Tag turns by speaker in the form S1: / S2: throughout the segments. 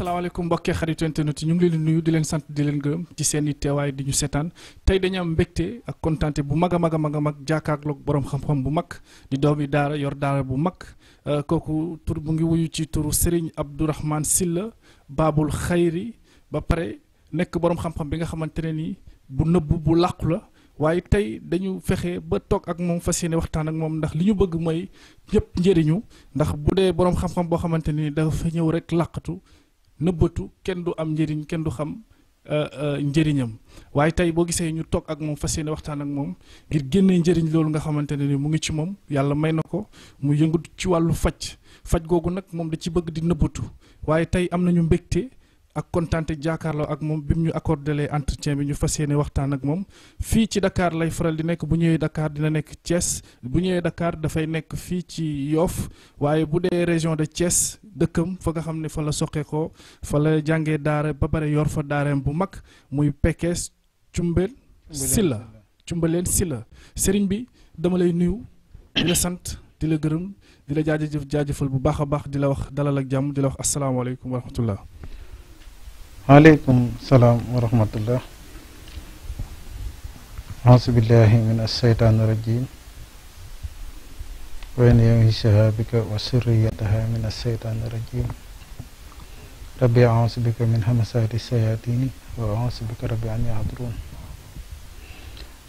S1: asalaamaaleykum mbokki xaritu internet yi ñu ngi leen di nuyu di leen sant di leen gëm ci seeni i teewaay di ñu seetaan tey dañu am mbégte ak kontaante bu mag a mag a mag a mag jàkkaarloog borom xam-xam bu mag di doomi daara yor daara bu mag euh, kooku tur mu ngi wuyu ci turu Serigne Abdourahmane silla Baabul Xayri ba pare nekk borom xam-xam bi nga xamante ne nii bu nëb bu làqu la. waaye tey dañu fexe ba toog ak moom fas yéene waxtaan ak moom ndax li ñu bëgg mooy ñëpp njëriñu ndax bu dee boroom xam boo xamante ni dafa ñëw rekk làqatu nëbbatu kenn du am njëriñ kenn du xam euh, euh, njëriñam waaye tey boo gisee ñu toog ak moom fas yéene waxtaan ak moom ngir génnee njëriñ loolu nga xamante ne ni mu ngi ci moom yàlla may na ko mu yëngut ci wàllu faj faj googu nag moom da ci bëgg di nëbbatu waaye tey am nañu mbégte ak kontante jàkkaarloo ak moom bi mu ñu accordé entretien bi ñu fas yéene waxtaan ak moom fii ci dakaar lay faral di nekk bu ñëwee dakaar dina nekk Thiès bu ñëwee dakaar dafay nekk fii ci Yoff waaye bu dee région de Thiès. dëkkam fa nga xam ne fa la soqeekoo fa la jàngee daara ba pare yor fa daareem bu mag muy Pekes Cumbel Silla Cumbaleen Silla sëriñ bi dama lay nuyu di sant di la gërëm di la jaajëf jaajëfal bu baax a baax di la wax dalal ak jàmm di la wax asalaamaaleykum wa rahmatullah
S2: waaleykum salaam wa rahmatullah aasubillahi min alsheytaan irajim ويني شهابك وسريتها من الشيطان الرجيم ربي أعوذ بك من همسات الشياطين وأعوذ بك ربي أن يحضرون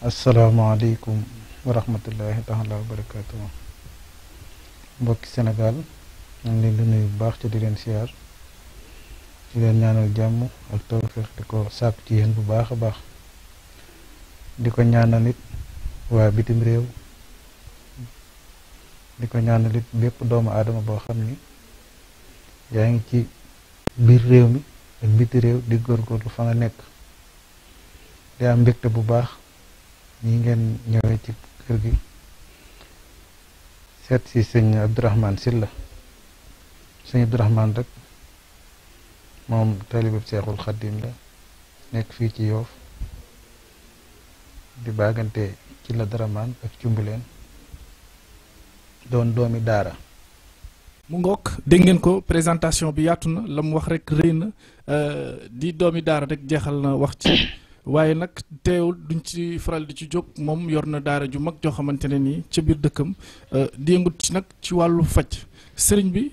S2: asalaamaaleykum wa rahmatullahi taala wa barakaatu mbokki Sénégal ñu ngi leen di bu baax ci di leen siyaar di leen ñaanal jàmm ak tawfeex di ci yéen bu baax a baax di ko ñaanal it waa bitim réew di ko ñaanal bépp doomu aadama boo xam ni yaa ngi ci biir réew mi ak biti réew di góorgóorlu fa nga nekk di am mbégte bu baax ñi ngeen ñëwee ci kër gi seet si sëñ Abdourahmane Sylla sëñ Abdourahmane rek moom taalibeb Seexul Xaddim la nekk fii ci Yoof di baagante ci la daramaan ak cumbuleen doon doomi daara
S1: mu ngook dégg ngeen ko présentation bi yaatu na la mu wax rek rëy na euh, di doomi daara rek jeexal na wax ci waaye nag teewul duñ ci faral di ci jóg moom yor na daara ju mag joo xamante ne nii ca biir dëkkam euh, di yëngu ci nag ci wàllu faj sëriñ bi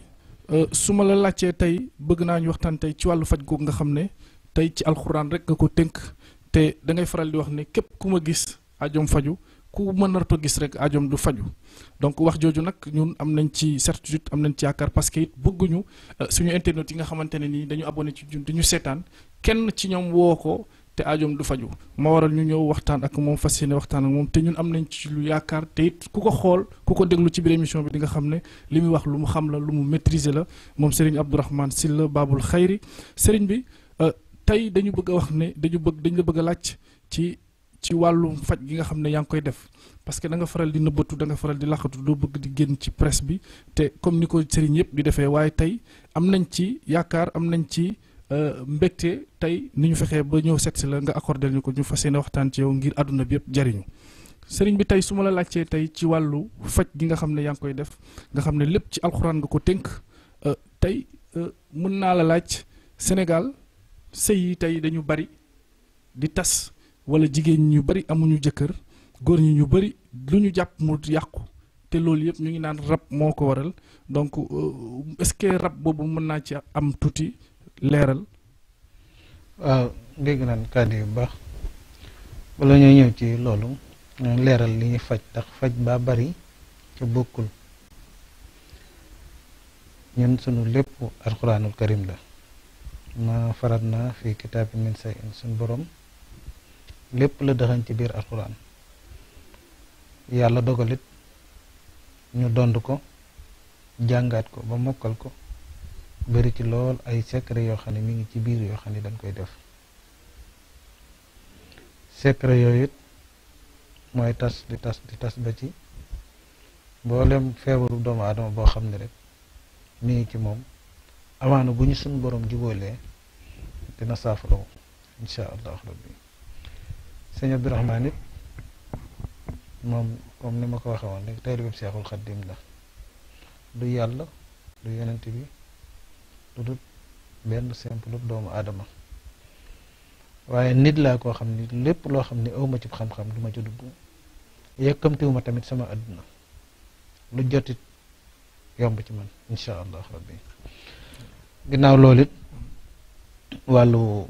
S1: euh, su ma la laajtee tey bëgg naa ñu waxtaan tey ci wàllu faj googu nga xam ne tey ci alxuraan rek nga ko tënk te dangay faral di wax ne képp ku ma gis ajoom faju ku mën a gis rek ajoom du faju donc wax jooju nag ñun am nañ ci certitude am nañ ci yaakaar parce que it bëgguñu euh, suñu internet yi nga xamante ne nii dañu abonné ci ñun dañu seetaan kenn ci ñoom woo ko te ajoom du faju moo waral ñu ñëw waxtaan ak moom fas yéene waxtaan ak moom te ñun am nañ ci lu yaakaar te it ku ko xool ku ko déglu ci biir émission bi di nga xam ne li muy wax lu mu xam la lu mu maîtriser la moom Serigne Abdourahmane Sylla baabul Xayri Serigne bi euh, tey dañu bëgg a wax ne dañu bëgg dañu la bëgg a laaj ci. ci wàllum faj gi nga xam ne yaa ngi koy def parce que da nga faral di nëbbatu da nga faral di laqatu doo bëgg di génn ci presse bi te comme ni ko sëriñ yëpp di defee waaye tey am nañ ci yaakaar am nañ ci euh, mbégte tey ni ñu fexee ba ñëw seet si la nga accordel ñu ko ñu fas yéene waxtaan ci yow ngir àdduna bi yëpp jariñu sëriñ bi tey su ma la laajtee tey ci wàllu faj gi nga xam ne yaa ngi koy def nga xam ne lépp ci alxuraan nga ko tënk euh, tey euh, mën naa la laaj Sénégal sëy yi tey dañu bari di tas. wala jigéen ñu bari amuñu jëkkër góor ñi ñu bari lu ñu jàpp mu yàqu te loolu yëpp ñu ngi naan rab moo ko waral donc euh, est rab boobu mën naa ci am tuuti leeral.
S2: waaw dégg naan kàddu yu baax wala ñoo ñëw ci loolu leeral li faj ndax faj baa bari ca bokkul ñun sunu lépp alxuraanul karim la ma farat naa fi kitaabin min say in suñu borom. lépp la dëxañ ci biir alxuraan yàlla dogalit ñu dond ko jàngaat ko ba mokkal ko bari ci lool ay secret yoo xam ne mi ngi ci biir yoo xam ne dañ koy def secret yooyu it mooy tas di tas ba ci mboolem feebaru doomu aadama boo xam ne rek mu ngi ci moom amaana bu ñu suñ borom jubóolee dina saafara insha allah rabbi sëñ Abdourahmane it moom comme ni ma ko waxee woon rek taalibeeb Seexul Xaddim la lu yàlla lu yonent bi lu dul benn simple doomu aadama waaye nit laa koo xam ni lépp loo xam ni awma ci xam-xam du ma ci dugg yëkkamtiwuma tamit sama àdduna lu jotit yomb ci man insha allah rabbi ginnaaw loolu it wàllu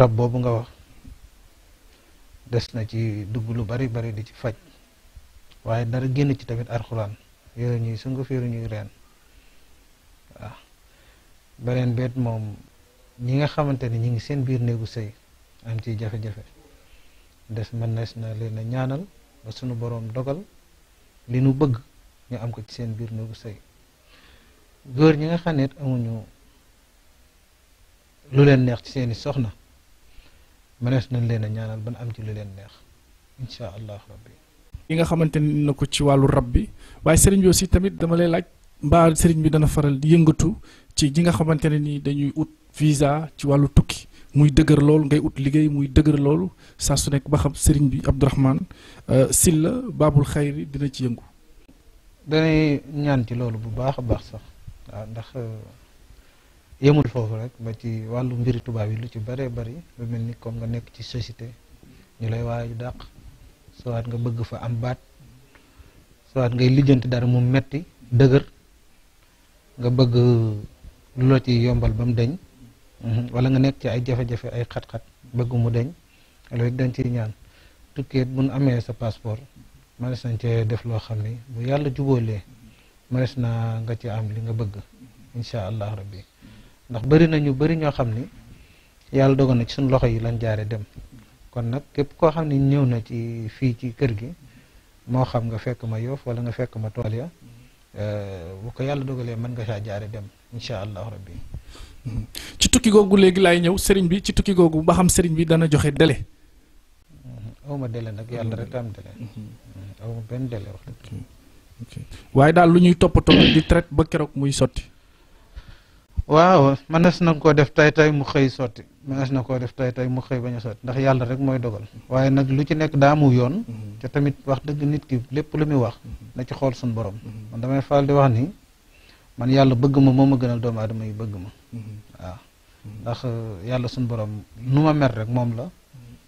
S2: rab boobu nga wax des na ci dugg lu bari bari di ci faj waaye dara génn ci tamit alxuraan yooyu ñuy sungu fiiru ñuy reen waaw beneen beet moom ñi nga xamante ni ñi ngi seen biir néegu sëy am ciy jafe-jafe des mën nees na leen ñaanal ba sunu boroom dogal li nu bëgg ñu am ko ci seen biir néegu sëy góor ñi nga xam ne amuñu lu leen neex ci seeni soxna mënees nañ leen a ñaanal ban am ci lu leen neex incha allah rabbi
S1: yi nga xamante ni na ko ci wàllu rab bi waaye sëriñ bi aussi tamit dama lay laaj mbaa sëriñ bi dana faral di yëngatu ci ñi nga xamante ne ni dañuy ut visa ci wàllu tukki muy dëgër loolu ngay ut liggéey muy dëgër loolu saa su nekk ba xam sëriñ bi Abdourahmane euh,
S2: Sylla Baabul Xayri dina ci yëngu. danay ñaan ci loolu bu baax a baax sax waaw ndax. Euh, yemul foofu rek ba ci wàllu mbiri tubaab yi lu ci bëree bëri lu mel ni comme nga nekk ci société ñu lay waaye dàq soit nga bëgg fa am baat soit ngay lijjanti dara mu metti dëgër nga bëgg lu la ci yombal ba mu deñ mhm. wala nga nekk ci ay jafe-jafe ay xat-xat bëgg mu deñ loolu dañ ci ñaan tukkeet mun amee sa passeport mënees nañ cee def loo xam ni bu yàlla jubóolee mënees naa nga ci am li nga bëgg incha allah rabbi ndax bari na ñu bëri ñoo xam ni yàlla dogal na ci suñu loxo yi lañ jaare dem kon nag képp koo xam ni ñëw na ci fii ci kër gi moo xam nga fekk ma yoof walla nga fekk ma tool ya euh, bu ko yàlla dogalee mën nga saa jaare dem incha allah rabbi mm-hmm.
S1: ci tukki googu léegi laay ñëw sëriñ bi ci tukki googu ba xam sëriñ bi dana joxe dele
S2: mm-hmm. awma délai nag yàlla rek am délai. Mm-hmm. awma benn délai
S1: waaye daal lu ñuy toppatoo di traite ba keroog muy
S2: sotti. waaw mënees na koo def tay tay mu xëy sotti mënees na koo def tay tay mu xëy bañ a sotti ndax yàlla rek mooy dogal waaye nag lu ci nekk daamu yoon mhm. te tamit wax dëgg nit ki lépp lu muy wax mhm. na ci xool suñu borom mhm. man damay faal di wax ni man yàlla bëgg ma moom ma gënal doomu aadama yi bëgg ma waaw eh, yàlla suñu borom nu ma mer rek moom la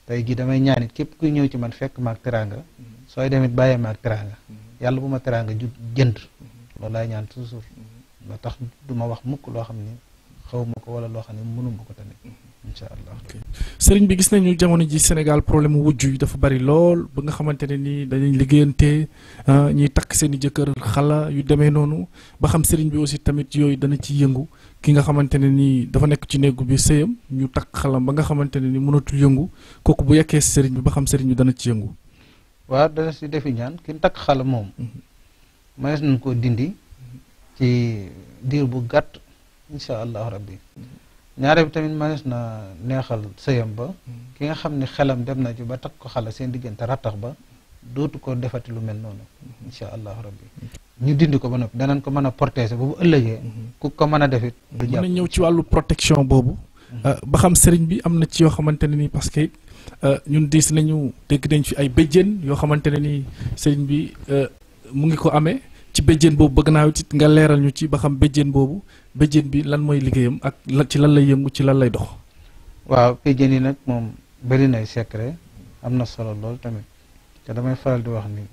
S2: tey jii damay ñaanit képp kuy ñëw ci man fekk maag teraanga sooy demit bàyyee maag teraanga yàlla bu ma teraanga ju jënd loolu laay ñaan toujours ba tax du ma wax mukk loo xam ni xaw ma ko wala loo xam ne mënu ko tamit incha allah.
S1: sëriñ bi gis nañu jamono ji Sénégal problème mu wujj yi dafa bari lool ba nga xamante ne ni dañuy liggéeyante ah, ñuy takk seen i jëkkër xalaa yu demee noonu ba xam sëriñ bi aussi tamit yooyu dana ci yëngu ki nga xamante ne ni dafa nekk ci néegu bi sëyam ñu takk xalam ba nga xamante ne ni mënatul yëngu kooku bu yekkee sëriñ bi ba xam sëriñ bi dana ci yëngu.
S2: waa dana si defi ñaan ki takk xala moom. mënees mhm. nañ koo dindi. ci diir bu gàtt incha allahu rabbi ñaaree bi tamit mënees na neexal sëyam ba ki nga xam ne xelam dem na ci ba takk ko xala seen diggante rattax ba dootu ko defati lu mel noonu incha allahu rabbi ñu dindi ko ba noppi danañ ko mën a protéger ba bu ëllëgee ku ko mën a defit du jàpp ñëw ci wàllu protection boobu mm-hmm. euh, ba xam sëriñ bi am
S1: na ci yoo xamante ne ni parce que euh, ñun diis nañu dégg nañ fi ay béjjén yoo xamante ne ni sëriñ bi euh, mu ngi ko amee ci béjjén boobu bëgg naa it nga leeral ñu ci ba xam
S2: béjjén boobu béjjén bi lan mooy liggéeyam ak la ci lan lay yëngu ci lan lay dox. waaw béjjén yi nag moom bëri nay secret am na solo lool tamit te damay faral di wax ni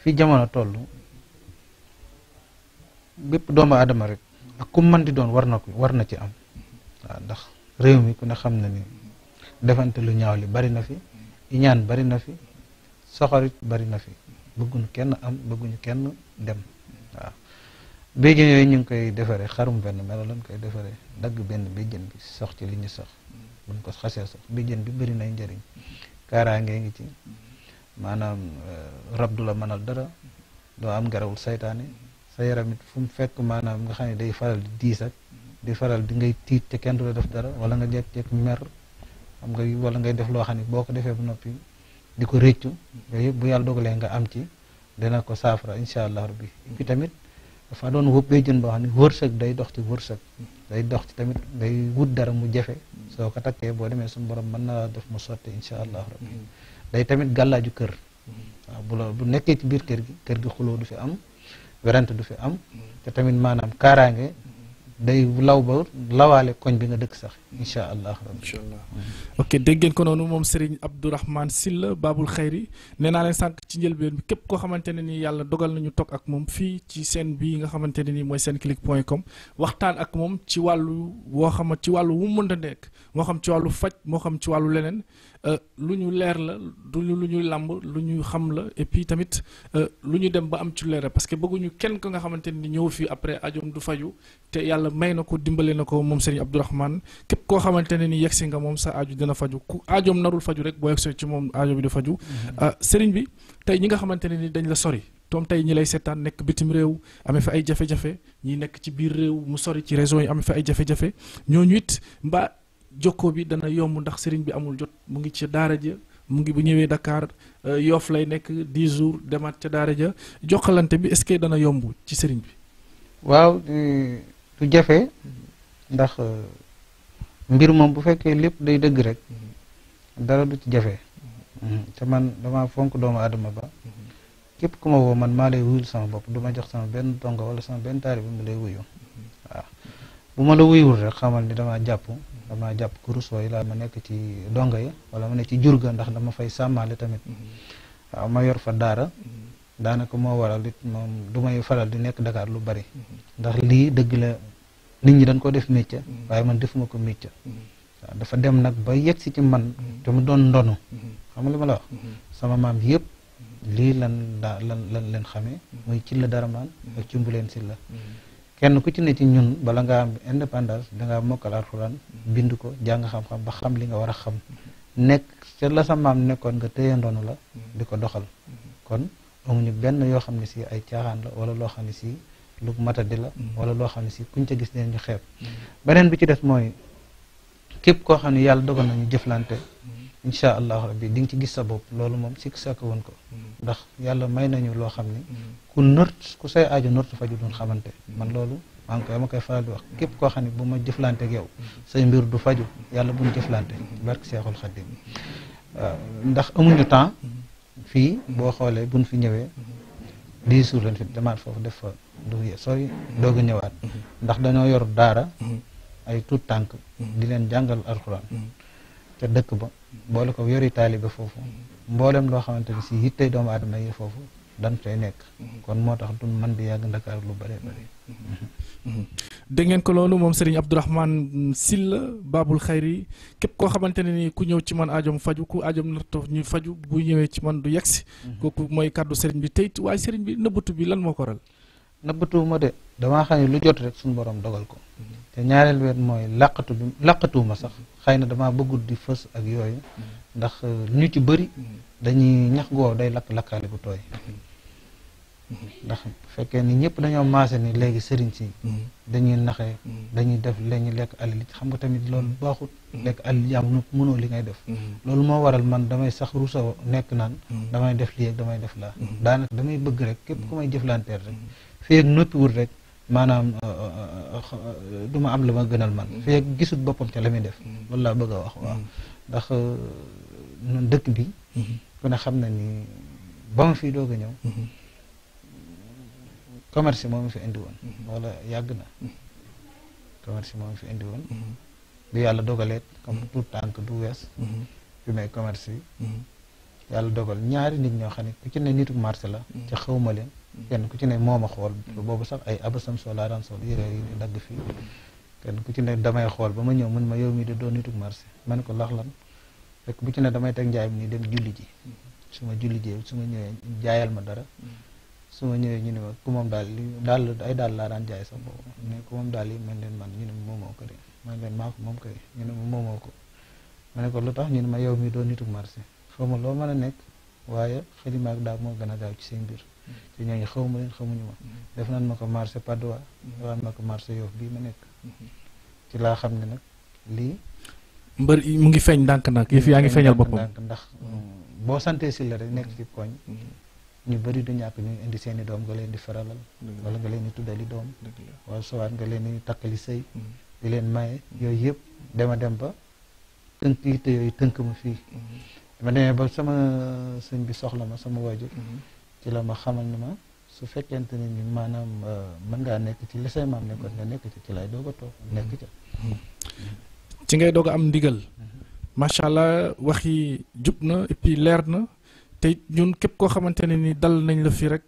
S2: fii jamono toll bépp doomu aadama rek ak ku mën di doon war na ko war na ci am waaw ndax réew mi ku ne xam na ni defante lu ñaaw li bari na fi ñaan bari na fi soxorit bari na fi. bëgguñu kenn am bëgguñu kenn dem waaw béjjén yooyu ñu ngi koy defaree xarum benn melo lañ koy defaree dagg benn béjjén bi sox ci li ñu sox buñ ko xasee sox béjjén bi bëri njariñ njëriñ kaaraangee ngi ci maanaam euh, rab du la mënal dara doo am garawul seytaane sa yaram it fu mu fekk maanaam nga xam ne day faral di diisak di faral di ngay tiit te kenn du la def dara wala nga jekk-jekk mer xam nga wala ngay def loo xam ne boo ko defee bu noppi di ko réccu yooyu yëpp bu yàlla dogalee nga am ci dana ko saafara incha allah rabbi bi tamit dafa doon wóbbee jën boo xam ne wërsëg day dox ci wërsëg day dox ci tamit day wut dara mu jafe soo ko takkee boo demee suñu borom mën naa def mu sotti incha allah rabbi day tamit gàllaaju kër waaw bu la bu nekkee ci biir kër gi kër gi xuloo du fi am werante du fi am te tamit maanaam kaaraange day law ba lawaale koñ bi nga dëkk sax incha allah incha allah
S1: mm-hmm. ok dégg ngeen ko noonu moom Serigne Abdourahmane Sylla Babul Khayri nee naa leen sànq ci njëlbeen bi képp koo xamante ne nii yàlla dogal nañu toog ak moom fii ci seen bii nga xamante ne nii mooy senclic point com waxtaan ak moom ci wàllu woo xam ci wàllu wu mën a nekk moo xam ci wàllu faj moo xam ci wàllu leneen euh, lu ñu leer la du lu ñuy làmb lu ñu xam la et puis tamit euh, lu ñu dem ba am ci leer parce que bëgguñu kenn ko nga xamante ni ñëw fii après ajoom du faju te yàlla may na ko dimbale na ko moom Serigne Abdourahmane képp koo xamante ne ni yegsi nga moom sa ajo dina faju ku aajoom narul faju rek boo yegsee ci moom aajo bi du faju mm-hmm. ah, sëriñ bi tey ñi nga xamante ne ni dañ la sori toom tey ñi lay seetaan nekk bitim réew amee fa ay jafe-jafe ñi nekk ci biir réew mu sori ci régions yi amee fa ay jafe-jafe ñooñu it mbaa jokkoo bi dana yomb ndax sëriñ bi amul jot mu ngi ci daara ja mu ngi bu ñëwee Dakar ah, yoof lay nekk 10 jours demaat ca daara ja jokkalante bi est-ce que dana yomb ci sëriñ bi waaw
S2: du jafe ndax euh, mbir moom bu fekkee lépp day dëgg rek dara du ci jafe mm-hmm. te man dama fonk doomu aadama ba képp ku ma woo man maa lay wuyul sama bopp duma jox sama benn dongo wala sama benn taari bi mu lay wuyu mm-hmm. waaw bu ma la wuyuwul rek xamal ni dama jàpp damaa jàpp kurusoo laa ma nekk ci dongo yi wala ma nekk ci jurga ndax dama fay sàmmaale tamit mm-hmm. waaw ma yor fa daara daanaka moo waral it moom du may faral di nekk Dakar lu bari ndax lii dëgg la nit ñi dañ ko def métier mm. waaye man defuma ko métier mm. dafa dem nag ba yegg si ci man mm. te mu doon ndonu xam nga li ma la wax sama maam yépp lii lan daa lan lan leen xamee muy ci la dara maan ak ci mbuleen si la kenn ku ci ne ci ñun bala nga am indépendance dangaa mokkal alxuraan bind ko jàng xam-xam ba xam li nga war a xam nekk ca la sa maam nekkoon nga téye ndono la di ko doxal kon amuñu benn yoo xam ne si ay caaxaan la wala loo xam ne si lu matadi la mm-hmm. wala loo xam ne si kuñ ca gis ne ñu xeeb mm-hmm. beneen bi ci des mooy képp koo xam ne yàlla dogal nañu jëflante mm-hmm. incha allahu rabbi di nga ci gis sa bopp loolu moom sikk sàkk woon ko ndax yàlla may nañu loo xam ni ku nört ku say aajo nört faju doon xamante man loolu maa koy ma koy faral di wax képp koo xam ne bu ma jëflanteeg yow say mbir du faju yàlla bu ñu jëflante barke Seexul Xadiim waaw ndax amuñu temps fii boo xoolee buñ fi ñëwee di jours lañ fi demaat foofu def fa du sori doog a ñëwaat ndax dañoo yor daara ay tuut tànk di leen jàngal alxuraan ca dëkk ba boole ko yori taalibe foofu mboolem loo xamante ni si yittey doomu aadama yi foofu dañ fay nekk kon moo tax du man di yàgg Ndakaar lu bare bare
S1: dégg ngeen ko loolu moom Serigne Abdourahmane silla Babul Xayri képp koo xamante ne ni ku ñëw ci man aajom faju ku aajom narto ñu faju bu ñëwee ci man du yegsi. Mhm. kooku mooy
S2: kàddu Serigne bi tey waaye Serigne bi nëbbatu bi lan moo ko waral. nëbbatu ma de damaa xam ne lu jot rek suñu borom dogal ko. te ñaareel wet mooy làqatu bi làqatuwuma sax xëy na damaa bëggul di fës ak yooyu. Mhm. ndax euh, ñu ci bëri. Mhm. dañuy ñax goow day lakk lakkaale bu tooy. ndax bu fekkee ni ñëpp dañoo maase ni léegi sëriñ si mm-hmm. dañuy naxee mm-hmm. dañuy def lañuy lekk alal xam nga tamit loolu mm-hmm. baaxut lekk alal jàmm nu mënoo li ngay def loolu moo waral man damay sax rusa nekk naan damay def lii ak damay def laa daanaka damay bëgg rek képp ku may jëflanteel rek fii ak rek maanaam euh, euh, euh, duma am la ma gënal man fii ak gisul boppam ca la muy def loolu laa bëgg a wax waaw ndax nun dëkk bi ku ne xam na ni ba ma fii doog a ñëw commerce moom fi indi woon mm-hmm. wala yàgg na mm-hmm. commerce moom fi indi woon mm-hmm. bi yàlla dogaleet comme tout tànk du wees bi may commerce yi yàlla dogal ñaari nit ñoo xam ne ku ci ne nitu marché la ci xawma leen kenn ku ci ne moom a xool boobu sax ay abasam sol laa daan sol yére yi ñu dagg fii kenn ku ci ne damay xool ba ma ñëw mun ma yow mii di doo nitu marché man ko lax lan rek bu ci ne damay teg njaay mi ni dem julli ji su ma julli ji su ma ñëwee jaayal ma dara su ma ñëwee ñu ne ma ku moom daal li daal ay daal laa daan jaay sax boobu ne ku moom daal yi man leen man ñu ne ma moomoo ko de leen maa ko moom kay ñu ne moomoo ko ma ne ko lu tax ñu ne ma yow mi doon nitu marché xaw ma loo mën a nekk waaye xalima ak daal moo gën a gaaw ci seen biir te ñooñu xaw ma leen xamuñu ma def nañ ma ko marché Padoa def ma ko marché Yoff bii ma nekk ci laa xam ne nag lii
S1: mbër mu ngi feeñ ndànk nag yëf yaa ngi feeñal boppam
S2: ndax mm, boo santee si la rek nekk ci koñ mm-hmm. ñu bëri du ñàkk ñu indi seeni doom nga leen di faralal wala nga leen di tuddali doom waa sowaat nga leen di takkali sëy mm. di leen maye yooyu yëpp dema dem ba tënk yitte yooyu tënk ma fii mm. dama demee ba sama sëñ bi soxla ma sama waajur mm. ci la ma xamal ni ma su fekkente ni maanaam euh, mën ngaa nekk ci la say maam nekkoon nga nekk ci ci lay doog a toog nekk ca
S1: ci ngay doog am ndigal mm-hmm. macha allah wax yi jub na et leer na te ñun képp koo xamante ne ni dal nañ la fi rek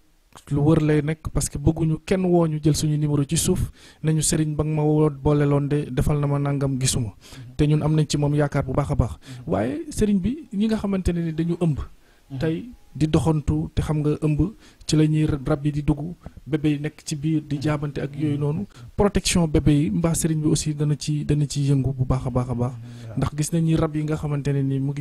S1: lu wër lay nekk parce que bëgguñu kenn woo ñu jël suñu numéro ci suuf nañu sëriñ ba nga ma woo boole de defal na ma nangam gisuma mhm. te ñun am nañ ci moom yaakaar bu baax a baax mhm. waaye sëriñ bi ñi nga xamante ne ni dañu ëmb mhm. tey di doxantu te xam nga ëmb ci la ñuy rab yi di dugg bébé yi nekk ci biir di jaabante ak yooyu noonu protection bébé yi mbaa sëriñ bi aussi dana ci dana ci yëngu bu baax a baax a baax ndax yi nga xamante ne ni mu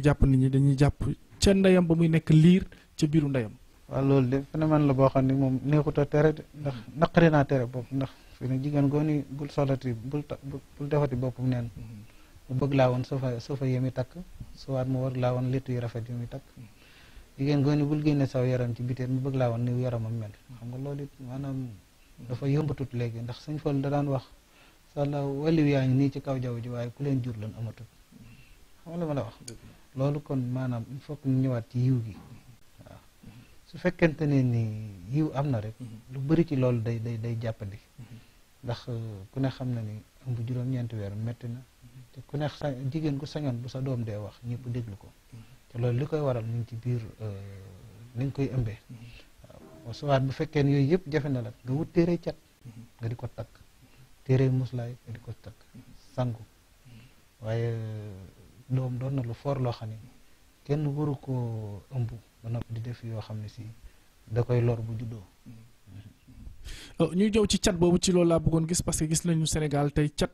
S1: ca ndeyam ba muy nekk liir ca biiru ndeyam. waaw
S2: loolu de phénomène la boo xam ne moom neexut a tere ndax naqari naa tere bopp ndax fi ne jigéen goo ni bul solati bul ta bul defati boppam mu bëgg laa woon suufa suufa yi muy takk suwaat mu bëgg laa woon yu rafet yi muy takk jigéen goo ni bul saw yaram ci biteen mu bëgg laa woon ni yaramam mel xam nga loolu it maanaam dafa yombatut léegi ndax suñ fol da daan wax sala waliw yaa ngi nii ci kaw jaww ji waaye ku leen jur lan amatul xam nga la ma la wax loolu kon maanaam il faut que ñëwaat ci yiw gi waaw su fekkente ne ni yiw am na rek mhm. lu bari ci loolu day day day jàppandi mhm. ndax euh, ku ne xam na ni ëmb juróom-ñeenti weer metti na mhm. te ku ne jigéen ko sañoon bu sa doom dee wax ñëpp déglu ko te loolu li koy waral ñu ngi ci biir euh, ni nga koy ëmbee waaw suwaat bu fekkee ne yooyu yëpp jafe na la nga wut téere cat nga di ko takk téere muslaay nga di ko takk sangu waaye euh, doom doon na lu foor loo xam ne kenn waru koo ëmb ba noppi di def yoo xam ne si da koy lor bu juddoo
S1: euh, ñuy ñëw ci cat boobu ci loolu laa bëggoon gis parce que gis nañu senegal tey cat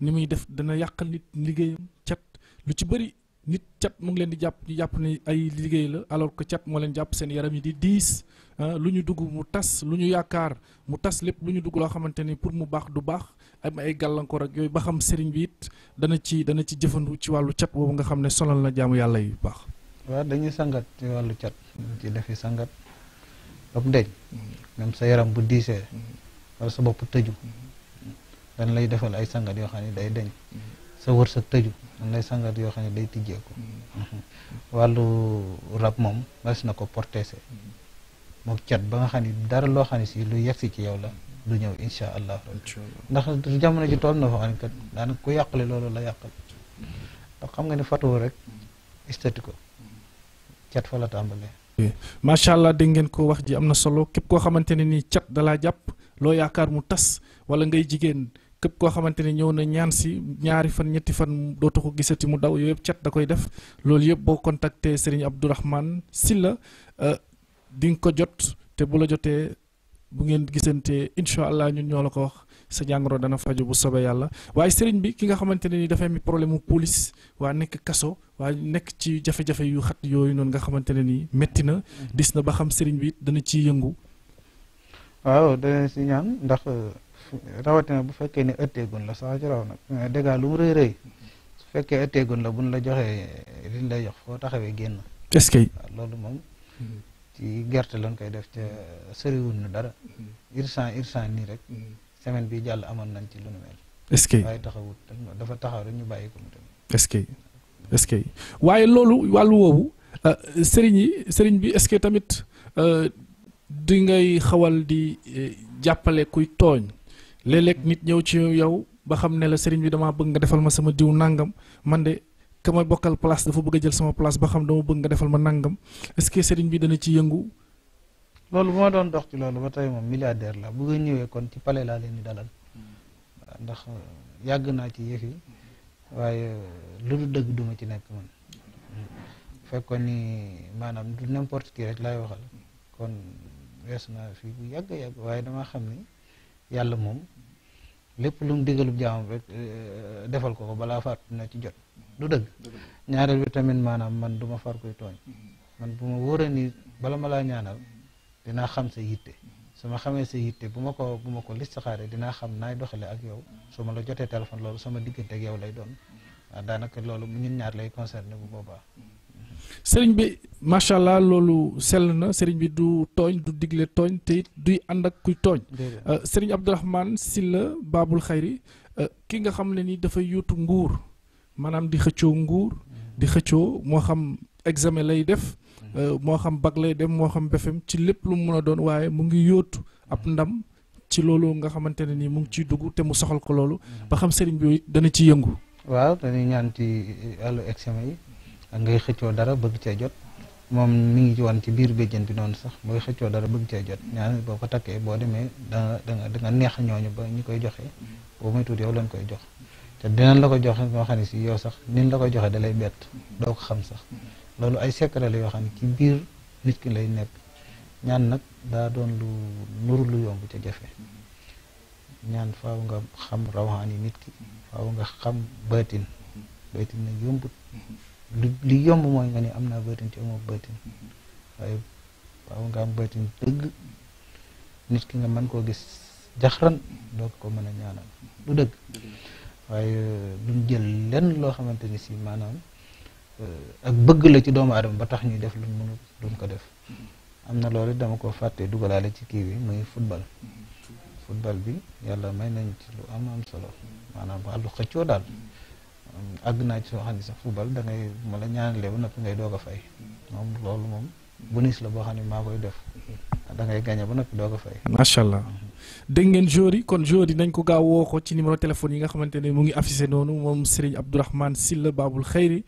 S1: ni muy def dana yàqal nit liggéeyam cat lu ci bëri nit cat mu ngi leen di jàpp ñu jàpp ni ay liggéey la alors que cat moo leen jàpp seen yaram yi di diis ah, lu ñu dugg mu tas lu ñu yaakaar mu tas lépp lu ñu dugg loo xamante ni pour mu baax du baax am ay gàllankoor ak yooyu ba xam sëriñ bi it dana ci dana ci jëfandu ci wàllu cat boobu nga xam ne sonal na jaamu yàlla yu baax.
S2: waaw dañuy sangat ci wàllu cat. ci defi sangat ab deñ même sa yaram bu diisee. wala sa bopp tëju. dañ lay defal ay sangat yoo xam ne day deñ sa wërsëg tëju am nay yoo xam ne day tijjeeku mm-hmm. wàllu rab moom mas na ko portese mm-hmm. mook cat ba nga xam ne dara loo xam ne si lu yegsi ci yow la mm-hmm. du ñëw insha allah ndax jamono ji tool na fa xam kat daanaka ku nga ne fatuwu rek istati ko cat fa la tàmbalee
S1: macha allah dégg ngeen ko wax ji am na solo képp koo xamante ne nii cat dalaa jàpp loo yaakaar mu tas wala ngay jigéen képp koo xamante ne ñëw na ñaan si ñaari fan ñetti fan dootu ko gisati mu daw yooyu yëpp cat da koy def loolu yëpp boo contacté Serigne Abdourahmane Sylla euh, di nga ko jot te bu la jotee bu ngeen gisante incha allah ñun ñoo la ko wax sa jàngoro dana faju bu soobee yàlla waaye sëriñ bi ki nga xamante ne ni dafay mi problème mu police waa nekk kaso waa nekk ci jafe-jafe yu xat yooyu noonu nga xamante ne nii métti na mhm. dis na ba xam sëriñ bi
S2: dana ciy yëngu. waaw rawatina bu fekkee ne ëtteegun la soo ci raw nag dégâts lu mu rëy rëy su fekkee ëtteegun la buñ la joxee liñ lay jox foo taxawee génn. est-ce que loolu moom. ci gerte lañ koy def ca na dara. irsan irsan nii rek. semaine bi jàll amoon nañ ci lu nu mel. est-ce waaye dafa taxaw rek ñu bàyyi ko mu
S1: tamit. que waaye loolu wàllu woowu euh, sëriñ yi sëriñ bi est-ce que tamit euh, di ngay xawal di euh, jàppale kuy tooñ. léeg nit ñëw ci yow ba xam ne la sëriñ bi damaa bëgg nga defal ma sama diw nangam man de ka ma bokkal place dafa bëgg a jël sama place ba xam dama bëgg nga defal ma nangam est-ce que sëriñ bi dana ci yëngu.
S2: loolu moo doon dox ci loolu ba tey moom milliardaire la bu nga ñëwee kon ci palais laa leen dalal hmm. ndax euh, yàgg naa ci yëf waaye euh, lu du dëgg duma ci nekk man fekkoon ni maanaam du n'importe rek laay waxal kon wees naa fii bu yàgg yàgg waaye dama xam ni yàlla moom lépp lu mu digalub jaamam rek euh, defal ko ko balaa faatu na ci jot du dëgg ñaareel bi tamit maanaam man du ma far koy tooñ man bu ma wóoree ni bala ma laa ñaanal dinaa xam sa yitte su ma xamee sa yitte bu ma ko bu ma ko listixaare dinaa xam naay doxale ak yow su ma la jotee téléphone loolu sama diggante ak yow lay doon waaw daanaka loolu ñun ñaar lay concerné bu boobaa
S1: sëriñ bi macha allah loolu sell na sëriñ bi du tooñ du digle tooñ te duy ànd ak kuy tooñ. Euh, sëriñ Abdourahmane Sylla Baabul Xayri euh, ki nga xam ne nii dafay yuutu nguur maanaam di xëccoo nguur. di xëccoo moo xam examen lay def. Euh, moo xam bac lay dem moo xam BFEM ci lépp lu mu mën a doon waaye mu ngi yóotu ab ndam ci loolu nga xamante ne ni mu ngi ciy dugg te mu
S2: soxal ko loolu. Mm. ba xam sëriñ bi dana ci yëngu. waaw dañuy ñaan ci wàllu yi. ngay xëccoo dara bëgg cee jot moom mu ngi ci woon ci biir béjjën bi noonu sax mooy xëccoo dara bëgg cee jot ñaar boo ko takkee boo demee da da nga neex ñooñu ba ñu koy joxee boo muy tuut yow lañ koy jox te dinañ la ko joxe moo xam ne si yow sax nin la ko joxe da bett doo xam sax loolu ay secret yoo xam ne ci biir nit ki lay nekk ñaan nag daa lu nuru lu yomb ca jafe ñaan faaw nga xam rawaani nit ki faaw nga xam baatin baatin nag yombut lu li yomb mooy nga ne am naa bëtin ci amoo bëtin waaye waaw nga am bëtin dëgg nit ki nga mën koo gis jaxran doo ko mën a ñaana lu dëgg waaye euh, duñ jël lenn loo xamante ni si maanaam euh, ak bëgg la ci doomu aadama ba tax ñuy def lu mënu duñ ko def am na loolu dama ko fàtte dugalaale ci kii bi muy football football bi yàlla may nañ ci lu am am solo maanaam wàllu xëccoo daal agg naa ci soo xam ne sax football da ngay ma la ñaanalee ba noppi ngay doog a fay moom loolu moom bonus la boo xam ne maa koy def da ngay gagné ba noppi doog a fay.
S1: macha allah dégg ngeen joueurs yi kon joueurs yi nañ ko gaaw woo ko ci numéro téléphone yi nga xamante ne mu ngi affiché noonu moom Serigne Abdourahmane Sylla Babul Xayri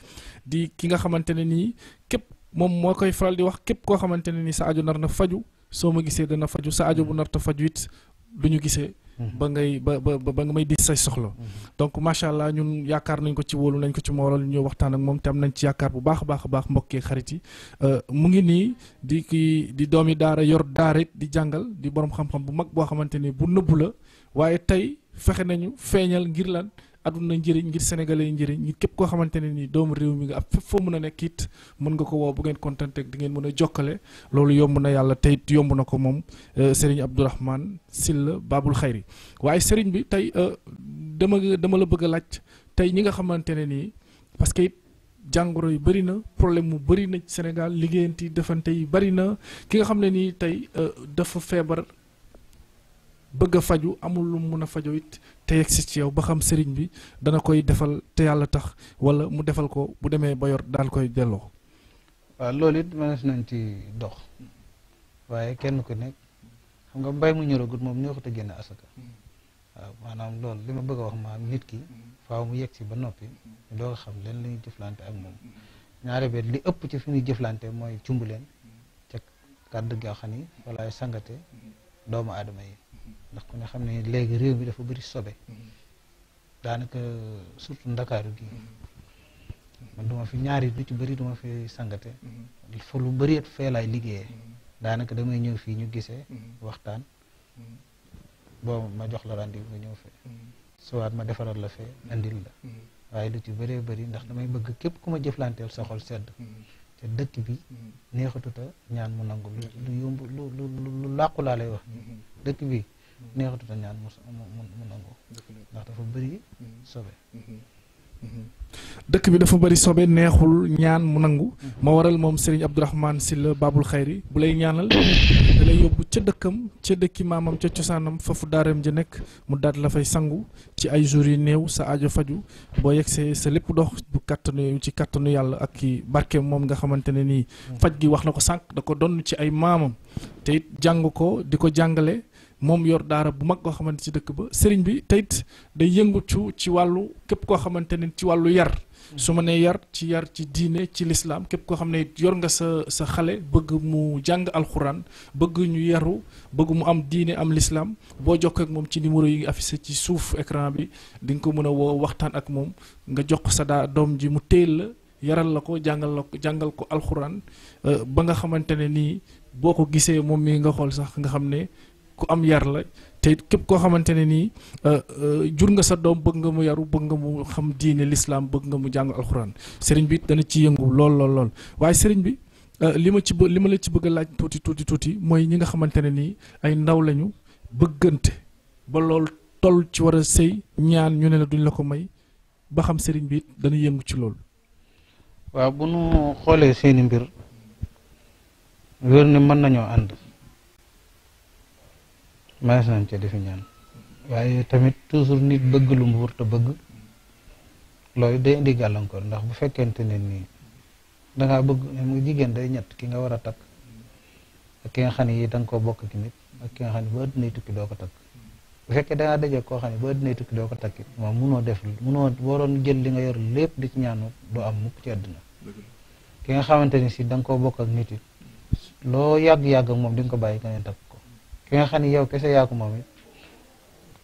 S1: di ki nga xamante ne nii képp moom moo koy faral di wax képp koo xamante ne nii sa ajo nar na faju soo ma gisee dana faju sa ajo bu nar ta faju lu ñu gisee. Mm-hmm. ba ngay ba ba ba nga may di say soxla. Mm-hmm. donc macha allah ñun yaakaar nañ ko ci wóolu nañ ko ci mooral ñu waxtaan ak moom te am nañ ci yaakaar bu baax a baax a baax mbokk xarit yi euh, mu ngi nii di kii di doomi daara yor daarit di jàngal di borom xam-xam bu mag boo xamante ni bu nëbb la waaye tey fexe nañu feeñal ngir lan. aduna njëriñ ngir sénégalais njëriñ ngir képp koo xamante ne ni doomu réew mi nga ab fépp foo mën a nekk it mën nga ko woo bu ngeen contante di ngeen mën a jokkale loolu yomb na yàlla tey yomb na ko moom euh, Serigne Abdourahmane Sylla Babul Xayri waaye Serigne bi tey euh, dama dama la bëgg a laaj tey ñi nga xamante ne nii parce que it jàngoro yi bëri na problème mu bëri na Sénégal liggéeyanti defante yi bëri na ki nga xam ne nii tey euh, dafa feebar. bëgg a faju amul lu mun a fajo it te yegsi ci yow ba xam sëriñ bi dana koy defal te yàlla tax wala mu defal ko bu demee ba
S2: yor daal koy delloo. waaw loolu it mënees nañ ci dox waaye kenn ku nekk xam nga mbay mu ñoragut moom ñoo génne asaka maanaam loolu li ma bëgg a wax maam nit ki faaw mu yegg ba noppi doo ko xam leen la ñuy jëflante ak moom ñaare bi li ëpp ci fi ñuy jëflante mooy cumb leen ca kàddu gi xam ni wala sangate doomu aadama yi. ndax ku ne xam ne léegi réew mi dafa bëri sobe daanaka surtout ndakaaru gi man duma fi ñaari lu ci bari duma fi sangate fa lu bëri it fee laay liggéeyee daanaka damay ñëw fii ñu gisee waxtaan boobu ma jox la rendez-vous nga ñëw fee suwaat ma defaral la fee andil la waaye lu ci bari bari ndax damay bëgg képp ku ma jëflanteel sa xol sedd te dëkk bi neexatuta ñaan mu nangu lu yomb lu lu làqu laa lay wax dëkk bi neexatut a ñaan mm-hmm. Mm-hmm. Mm-hmm.
S1: dëkk bi dafa bari sobe neexul ñaan mu nangu ma waral moom Serigne Abdourahmane Sylla Babul Xayri bu lay ñaanal da yóbbu ca dëkkam ca dëkki maamam ca cosaanam foofu daareem ji nekk mu daat la fay sangu ci ay jours yu néew sa ajo faju boo yegsee sa lépp dox bu kattanu ci kattanu yàlla ak ki barke moom nga xamante ne nii mm. faj gi wax na ko sànq da ko donn ci ay maamam te jàng ko di ko jàngale moom yor daara bu mag koo xamante ci dëkk ba sëriñ bi teyit day yëngutu ci wàllu képp koo xamante ne ci wàllu yar hmm. su ma nee yar ci yar ci diine ci lislaam képp koo xam ne yor nga sa sa xale bëgg mu jàng alxuraan bëgg ñu yaru bëgg mu am diine am lislaam boo jokkoo ak moom ci numéro yi ngi affiché ci suuf écran bi di nga ko mën a woo waxtaan ak moom nga jox ko sa daa doom ji mu téel la yaral la ko jàngal jàngal ko alxuraan euh, ba nga xamante ne nii boo ko gisee moom mii nga xool sax nga xam ne ku am yar la te képp koo xamante ne nii euh, euh, jur nga sa doom bëgg nga mu yaru bëgg nga mu xam diine lislaam bëgg nga mu jàng alxuraan sëriñ bi dana ci yëngu lool lool lool waaye sëriñ bi euh, li ma ci ma la ci bëgg laaj tuuti tuuti tuuti mooy ñi nga xamante ne nii ay ndaw lañu bëggante ba lool toll ci war a sëy ñaan ñu ne la duñ la ko may ba xam sëriñ bi dana yëngu ci lool
S2: waaw bu nu xoolee seeni mbir wér ni mën nañoo ànd. mënees nañ cee defi ñaan waaye tamit toujours nit bëgg lu mu wërta bëgg looy da indi gàllankoor ndax bu fekkente ne nii dangaa bëgg mu jigéen day ñett ki nga war a takk ak ki nga xam ne yi da koo bokk ki nit ak ki nga xam ne ba addunay tukki doo ko takk bu fekkee dangaa daje koo xam ne ba addunay tukki doo ko takk moom munoo def munoo booroon jël di nga yor lépp di ci ñaanu du am mukk ci àdduna ki nga xamante ni si da koo bokk ak nit loo yàgg-yàgg moom di nga ko bàyyi keneen takk ki nga xam ne yow kese yaa ko moom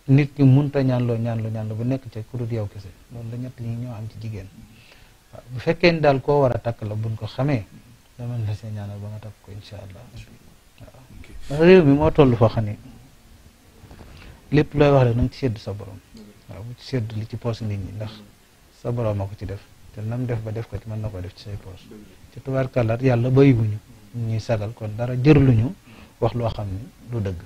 S2: nit ki munta ñaanloo ñaanloo ñaanloo bu nekk ca ku dul yow kese loolu la ñett ñi ñoo am ci jigéen bu fekkee ni daal koo war a takk la buñ ko xamee dama la see ñaanal ba ma takk ko incha allah waaw moo toll foo xam ne lépp looy wax rek na nga ci sédd sa borom bu ci sédd li ci poos nit ñi ndax sa borom a ko ci def te nam def ba def ko ci mën na ko def ci say poos ci tubaarkàllaat yàlla bayiwuñu ñuy sagal kon dara jërluñu wax loo xam ne du dëgg.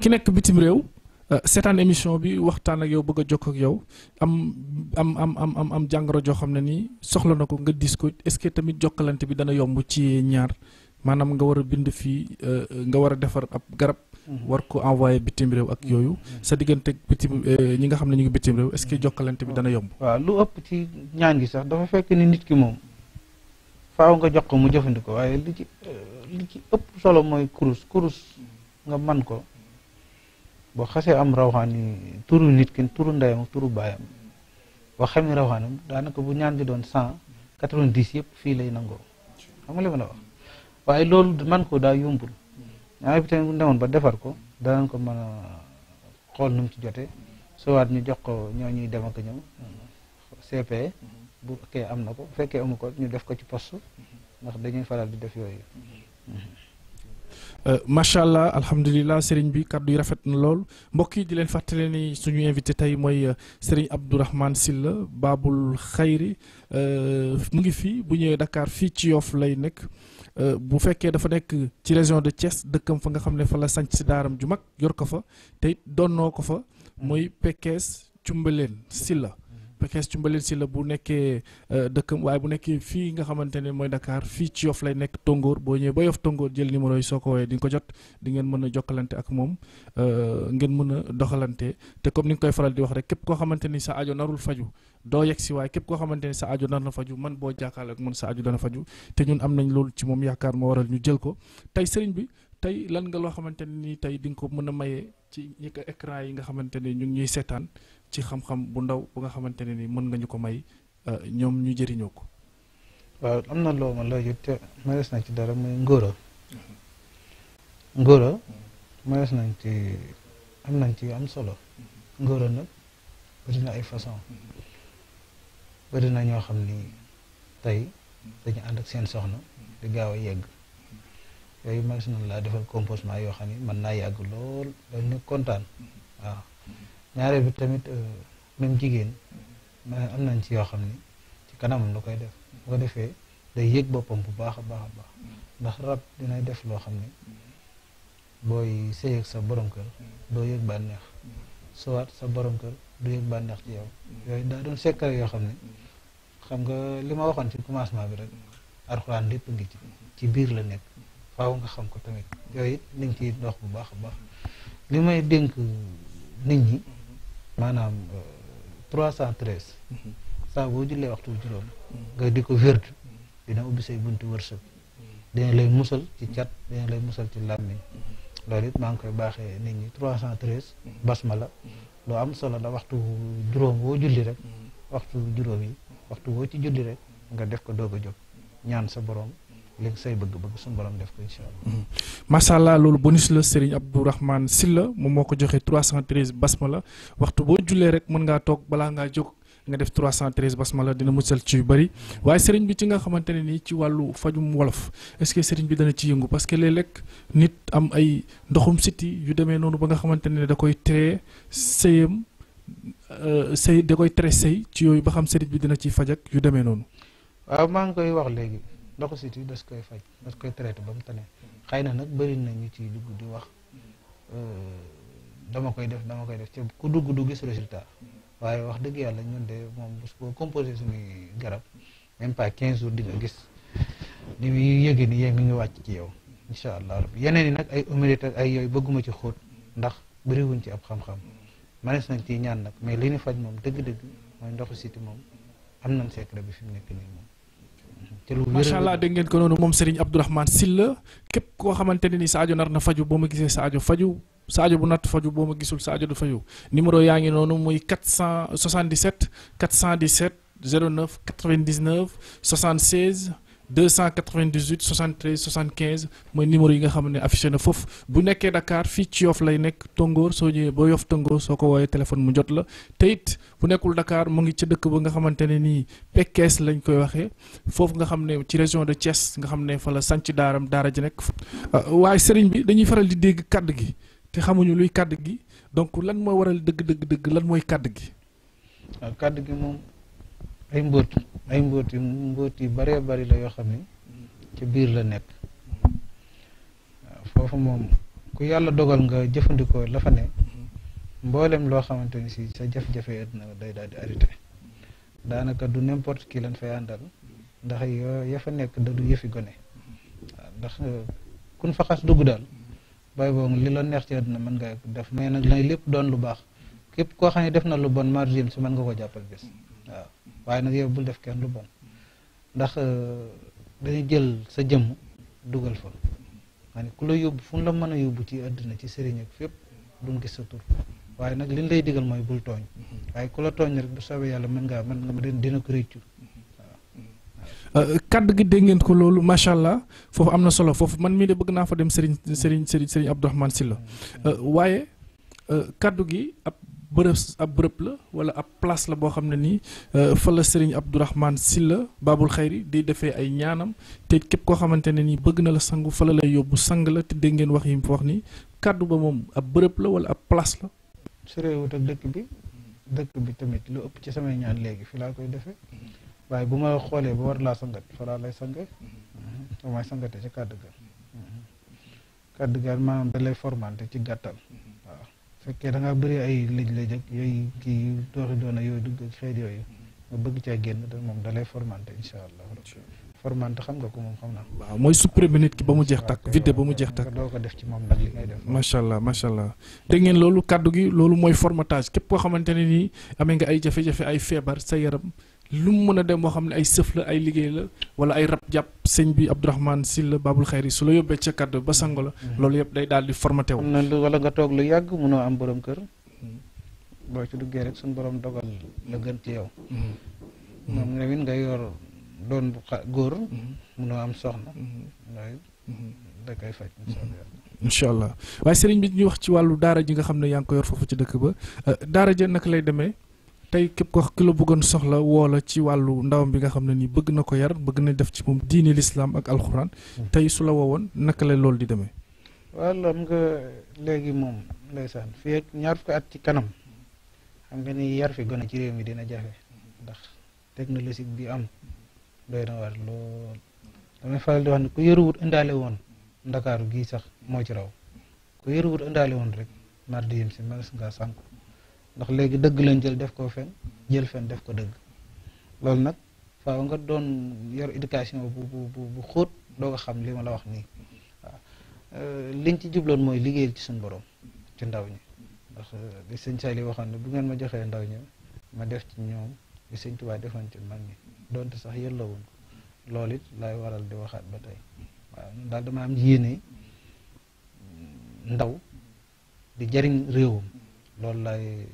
S1: ki nekk bitim réew euh, seetaan émission bi waxtaan ak yow bëgg a jokk ak yow am am am am am jàngoro joo xam ne nii soxla na ko nga dis ko est-ce que tamit jokkalante bi dana yomb ci ñaar maanaam nga war a bind fii euh, nga war a defar ab garab. Mhm. war ko envoyé bitim réew ak yooyu. Mhm. sa diggante bitim euh, ñi nga xam ne ñu ngi bitim réew est-ce que jokkalante bi yomb.
S2: waaw lu ëpp ci ñaan gi sax dafa fekk ni nit ki moom faaw nga jox ko mu jëfandikoo waaye li ci. li ci ëpp solo mooy kurus kurus nga man ko boo xasee am rawxaani turu nit ki turu ndeyam turu baayam boo xamee rawxaanam daanaka bu ñaan di doon cent quatre vingt yëpp fii lay nangoo xam nga li waaye loolu man ko daa yombul ñaare bi bu demoon ba defar ko danañ ko mën a xool nu ci jote sowaat ñu jox ko ñoo ñuy dem ak ñëw CP bu fekkee am na ko bu fekkee amu ko ñu def ko ci poste ndax dañuy faral di def yooyu
S1: Euh, macha allah alhamdulillah sëriñ bi kàddu yi rafet na lool mbokk yi di leen fàttale ni suñu invité tey mooy euh, sëriñ Abdourahmane Sylla Baabul Xayri euh, mu ngi fii bu ñëwee Dakar fii ci yoof lay nekk bu fekkee dafa nekk ci région de Thiès dëkkam fa nga xam ne fa la sanc si daaram ju mag yor ko fa te it donnoo ko fa mm. mooy Pekes Cumbaleen Sylla Pekes Cumbaleen si la bu nekkee euh, dëkkam waaye bu nekkee fii nga xamante ne mooy ndakaar fii ci yof lay nekk Tongoor boo ñëwee ba Yoff Tongoor jël numéro yi soo ko woowee di nga ko jot di ngeen mën a jokkalante ak moom euh, ngeen mën a doxalante te comme ni nga koy faral di wax rek képp koo xamante ni sa aajo narul faju doo yegg si waaye képp koo xamante ni sa ajo nar na faju man boo jàkkaarloo ak man sa aajo dana faju te ñun am nañ loolu ci moom yaakaar moo waral ñu jël ko tey sëriñ bi tey lan nga loo xamante nii tey di nga ko mën a maye ci ñi ko yi nga xamante ne ñu ngi ñuy seetaan ci xam-xam bu ndaw bu nga xamante ne ni mën nga ñu ko may euh, ñoom ñu jëriñoo ko.
S2: waaw am na loo ma laajut te mënees na ci dara muy ngóora. ngóora mënees nañ ci am nañ ci am solo. ngóora nag bëri na ay façon bëri na ñoo xam ni tey dañu ànd ak seen soxna di gaaw a yegg. yooyu mënees na laa defal comportement yoo xam ni mën naa yàgg lool dañu kontaan waaw. ñaareel bi tamit euh, même jigéen ma am nañ ci yoo xam ni ci kanamam la koy def bu ko defee day yëg boppam bu baax a baax a baax ndax rab dinay def loo xam ni booy sëy ak sa borom kër doo yëg bànneex suwaat sa borom kër du yëg bànneex ci yow yooyu daa doon secret yoo xam ne xam nga li ma waxoon ci commencement bi rek arxuraan lépp ngi ci ci biir la nekk faaw nga xam ko tamit yooyu it ni ngi ciy dox bu baax a baax li may dénk nit ñi maanaam 313. Euh, mhm. saa boo jullee waxtu wu juróom. Mhm. nga di ko wérd mhm. dina ubbi say buntu wërsëg. dina lay musal ci cat dina lay musal ci làmmiñ. loolu it maa ngi koy baaxee nit ñi 313. la loo am solo la waxtu juróom woo julli rek. waxtu juróom yi waxtu woo ci julli rek nga def ko doog a jóg ñaan sa borom. léegi say bëgg-bëgg suñu borom def ko incha allah. Mm-hmm.
S1: macha allah loolu bonus la Serigne Abdourahmane Sylla moom moo ko joxe 313 basmala waxtu boo jullee rek mën ngaa toog balaa ngaa jóg nga def 313 basmala dina muccal ci yu bëri waaye Serigne bi ci nga xamante ne nii ci wàllu fajum wolof est-ce que Serigne bi dana ci yëngu parce que léeg nit am ay ndoxum siti yu demee noonu ba nga xamante ne da koy tere sëyam euh, sëy da koy tere sëy ci yooyu ba xam Serigne bi dina ciy fajag yu demee noonu.
S2: waaw maa ngi koy wax léegi. ndoxusit yi das koy faj das koy traité ba mu tane xëy na nag bëri na ñu ci dugg di wax dama koy def dama koy def ci ku dugg du gis résultat waaye wax dëgg yàlla ñun de moom bu ko composé suñuy garab même pas 15 jours di nga gis ni muy yëge ni yéen mu ngi wàcc ci yow incha allah rabbi yeneen yi nag ay humidité ay yooyu bëgguma ci xóot ndax bëriwuñ ci ab xam-xam manees nañ ci ñaan nag mais li ñu faj moom dëgg-dëgg mooy ndoxu siti moom am na secret bi fi mu nekk nii moom macha allah
S1: dégg ngeen ko noonu moom Serigne Abdourahmane Sylla képp koo xamante ne ni Sadio nar na faju boo ma gisee Sadio faju Sadio bu natt faju boo ma gisul Sadio du faju numéro yaa ngi noonu muy 477 417 09 99 76 298 73 75 mooy numéro yi nga xam ne affiché na foofu bu nekkee Dakar fii ci yoof lay nekk Tongoor soo ñëwee ba Yoff Tongoor soo ko woowee téléphone mu jot la te it bu nekkul Dakar mu ngi ca dëkk ba nga xamante ne nii Pekkees lañ koy waxee foofu nga xam ne ci région de Thiès nga xam ne fa la sanc daaram daara ji nekk. Ah, waaye sëriñ bi dañuy faral di dégg kàdd gi te xamuñu luy kàdd gi donc lan mooy waral dëgg dëgg
S2: lan mooy kàdd gi. waaw ah, gi moom. ay mbóot ay mbóot yu mbóot yu bëree bëri la yoo xam ne ci biir la nekk waaw foofu moom ku yàlla dogal nga jëfandikoo lafa ne mboolem loo xamante ni si sa jafe-jafe na day daal di arrêté daanaka du nimport kii lañ fay àndal ndax yafa nekk da du yëfi gone ndax euh, kun fa xas dugg daal bay boobu li la neex ci àdduna mën nga def mais nag lay lépp doon lu baax képp koo xam ne def na lu bon margine si mën nga ko jàppal bés waaw waaye nag yow bul def kenn lu bon ndax euh, dañu jël sa jëmm dugal fa ma ne ku la yóbbu fu ñu la mën a yóbbu ci àddina ci sëriñ ak fépp duñ gis sa tur waaye nag liñ lay digal mooy bul tooñ waaye ku la tooñ rek bu soobee yàlla mën ngaa mën nga dina ko réccu
S1: euh, kaddu gi dégg ngeen ko loolu macha allah foofu am na solo foofu man mii de bëgg naa fa dem sëriñ sëriñ sëriñ Serigne Abdourahmane Sylla mm. euh, waaye kaddu gi ab bërëb ab bërëb la wala ab place la boo xam ne nii fala la Serigne Abdourahmane Sylla Babul Xayri di defee ay ñaanam te képp koo xamante ne nii bëgg na la sangu fa lay yóbbu sang la te dégg ngeen wax yi mu nii kàddu ba moom ab bërëb la wala ab place la. soreewut dëkk bi
S2: dëkk bi tamit lu ëpp ci samay ñaan léegi fi laa koy defee waaye bu ma xoolee ba war laa sangat fa laa lay sange ba may sangate ci kàddu ga kàddu ga maanaam da lay formante ci gàttal. fekkee dangaa ngaa bëri ay lëj lëj ak yooyu kii tooxi doona yooyu dugg xeet yooyu nga bëgg caa génn da moom dalay formanté incha allah formante xam nga ko moom xam naa
S1: waaw mooy supprimer nit ki ba mu jeex takk vidé ba mu jeex tàkk
S2: doo ko def ci moom nag li ngay def
S1: macha allah macha allah dégg ngeen loolu kàddu gi loolu mooy formatage képp koo xamante ne nii amee nga ay jafe-jafe ay feebar sa yaram lu mu mën a dem moo xam ne ay sëf la ay liggéey la wala ay rab jàpp sëñ bi Abdourahmane Sylla Babul Xayri su la yóbbee ca kàddu ba sango la mm-hmm. loolu yëpp day daal di formaté wu na lu
S2: wala nga toog lu yàgg mënoo am borom kër boo ci duggee rek suñu borom dogal la gën ci yow mm-hmm. moom nga yor doon bu góor mënoo mm-hmm. am soxna da koy faj
S1: incha allah waaye sëriñ bi ñuy wax ci wàllu daara ji nga xam ne yaa ngi ko yor foofu ci dëkk ba euh, daara ja naka lay demee tey képp ko kilo la bëggoon soxla woo ci wàllu ndawam bi nga xam ne nii bëgg na ko yar bëgg na def ci moom diine lislaam ak alxuraan hmm. tey su la woowoon naka la loolu di demee
S2: waaw am nga moom ndeysaan fii ak ñaar fukki at ci kanam xam nga ni yar fi gone ci réew mi dina jafe ndax technologie bi am doy na war lool damay faral di wax ne ku yëruwut indaale woon ndakaaru gii sax moo ci raw ku yëruwut indaale woon rek mar si mas nga sànku ndax léegi dëgg lañ jël def ko fen jël fen def ko dëgg loolu nag faaw nga doon yor éducation bu bu bu xóot doo ko xam li ma la wax nii waaw euh, liñ ci jubloon mooy liggéeyal ci suñ borom ci ndaw ñi ndax euh, li sëñ Saali waxoon ne bu ngeen ma joxee ndaw ñi ma def ci ñoom li sëñ Tuubaa defoon ci mag sax yellawuñ ko loolu it lay waral di waxaat ba tey waaw daal dama am yéene ndaw di jariñ réewam loolu laay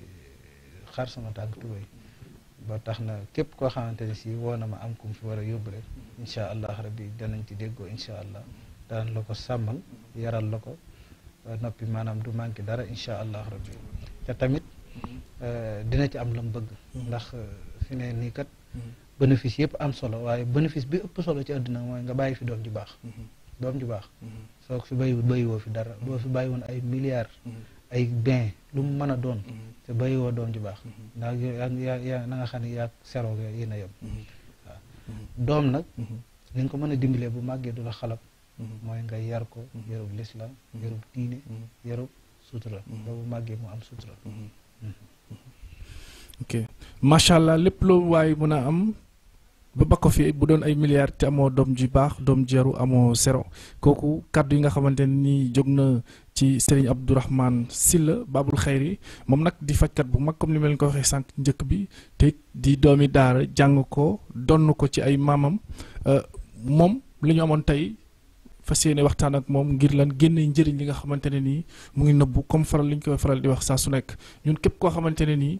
S2: xar sama tànk tubéy ba tax na képp koo xamante ne si woo na ma am kum fi war a yóbbu rek incha allah rabbi danañ ci déggoo incha allah daan la ko sàmmal yaral la ko noppi maanaam du manqué dara incha allah rabbi te tamit euh, dina ci am lam bëgg ndax euh, fi ne nii kat bénéfice yëpp am solo waaye bénéfice bi ëpp solo ci àdduna mooy nga bàyyi fi doom ju baax mm-hmm. doom ju baax mm-hmm. soo ko fi bàyyiwul bàyyiwoo fi dara boo fi bàyyiwoon ay milliards mm-hmm. ay bien lu mu mën a doon mm-hmm. te bàyyi woo doom ju baax mm-hmm. ndax yaa yaa na nga xam ne yaa seroo yéen a yem mm-hmm. doom nag li nga ko mën a dimbalee bu màggee du la xalab mooy nga yar ko yarub lislaam yarub diine yarub sutura ba bu mu am sutura
S1: ok allah lépp loo waaye mën a am ba bakko ko fi bu doon ay milliards te amoo doom ju baax doom jaru amoo sero kooku kàddu yi nga xamante ni jóg na ci Serigne Abdourahmane Sylla Babul Xayri moom nag di fajkat bu mag comme li ma leen ko waxee sànq njëkk bi te di doomi daara jàng ko donn ko ci ay maamam euh, moom li ñu amoon tey fas yéene waxtaan ak moom ngir lan génne njëriñ li nga xamante ne nii mu ngi nëbbu comme faral li ñu koy faral di wax saa su nekk ñun képp koo xamante ne nii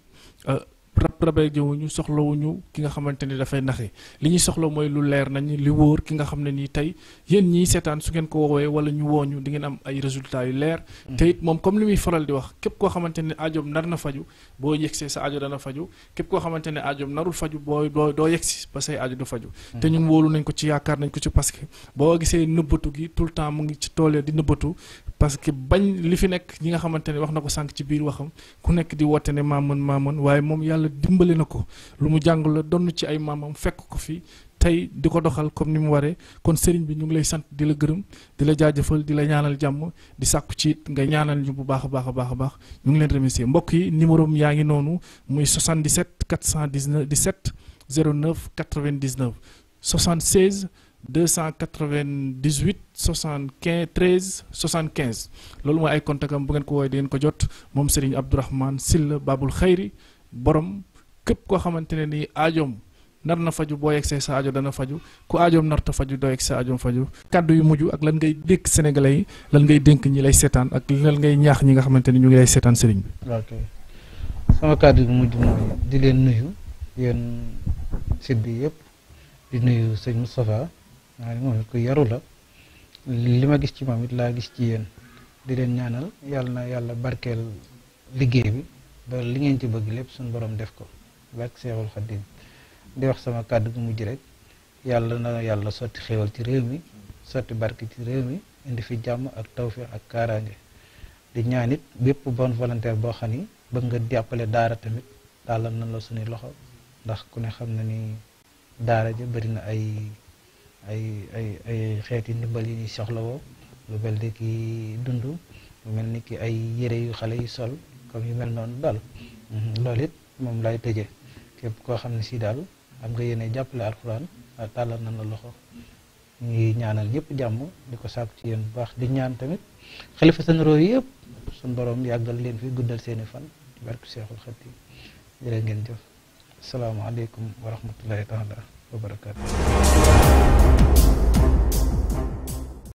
S1: euh, rab rabee jëwuñu soxlawuñu ki nga xamante ni dafay naxe li ñuy soxla mooy lu leer nañ li wóor ki nga xam ne nii tey yéen ñi seetaan su ngeen ko woowee wala ñu wooñu di ngeen am ay résultats yu leer mm. te it moom comme li muy faral di wax képp koo xamante ne ajoom nar na faju boo yegsee sa ajo dana faju képp koo xamante ne ajoom narul faju boo boo doo yegsi ba say ajo du faju mm. te ñun wóolu nañ ko ci yaakaar nañ ko ci parce que boo gisee nëbbatu gi tout le temps mu ngi ci toolee di nëbbatu parce que bañ li fi nekk ñi nga xamante ne wax na ko sànq ci biir waxam ku nekk di woote ne maa mën maa waaye moom la dimbali na ko lu mu jàng la donn ci ay maamam fekk ko fi tey di ko doxal comme ni mu waree kon sëriñ bi ñu ngi lay sant di la gërëm di la jaajëfal di la ñaanal jàmm di sàkku ci nga ñaanal ñu bu baax a baax a baax a baax ñu ngi leen remercier mbokk yi numéro am yaa ngi noonu muy 77 417 09 99 76 298 75 13 75 loolu mooy ay contact am bu ngeen ko woowee di ngeen ko jot moom Serigne Abdourahmane Sylla Babul Khayri borom képp koo xamante ne nii aajoom nar na faju boo yegsee sa aajo dana faju ku aajoom nar faju doo yegg sa aajoom faju kàddu yu mujj ak lan ngay dékk sénégalais yi lan ngay dénk ñi lay seetaan ak lan ngay ñaax ñi nga xamante ni ñu ngi lay seetaan sëriñ bi.
S2: ok sama kàddu yu mujj mooy di leen nuyu yéen site bi yëpp di nuyu sëñ Moustapha waaye moom it la li ma gis ci moom it laa gis ci yéen di leen ñaanal yàlla na yàlla barkeel liggéey bi. loolu li ngeen ci bëgg lépp suñu boroom def ko barke Seexul Xadiim di wax sama kàddu gu mujj rek yàlla na yàlla sotti xéewal ci réew mi sotti barke ci réew mi indi fi jàmm ak tawféex ak kaaraange di ñaan it bépp bon volontaire boo xam ni bëgg nga jàppale daara tamit tàllal na la suñuy loxo ndax ku ne xam na ni daara ja bëri na ay ay ay ay xeeti ndimbal yi ñuy soxlawoo lu mel ki dund lu mel ni ki ay yére yu xale yi sol comme yu mel noonu daal mhm, loolu it moom lay tëjee képp koo xam ne si daal am nga yéene jàppale alxuraan ah, tàllal na la loxo ngi ñaanal ñëpp jàmm di ko sàkku ci yéen bu baax di ñaan tamit xalifa seen roo yëpp suñ borom yàggal leen fi guddal seeni fan ci barke Seexul Xadiim jërë ngeen jëf asalaamaaleykum wa rahmatullahi taala wa barakaatu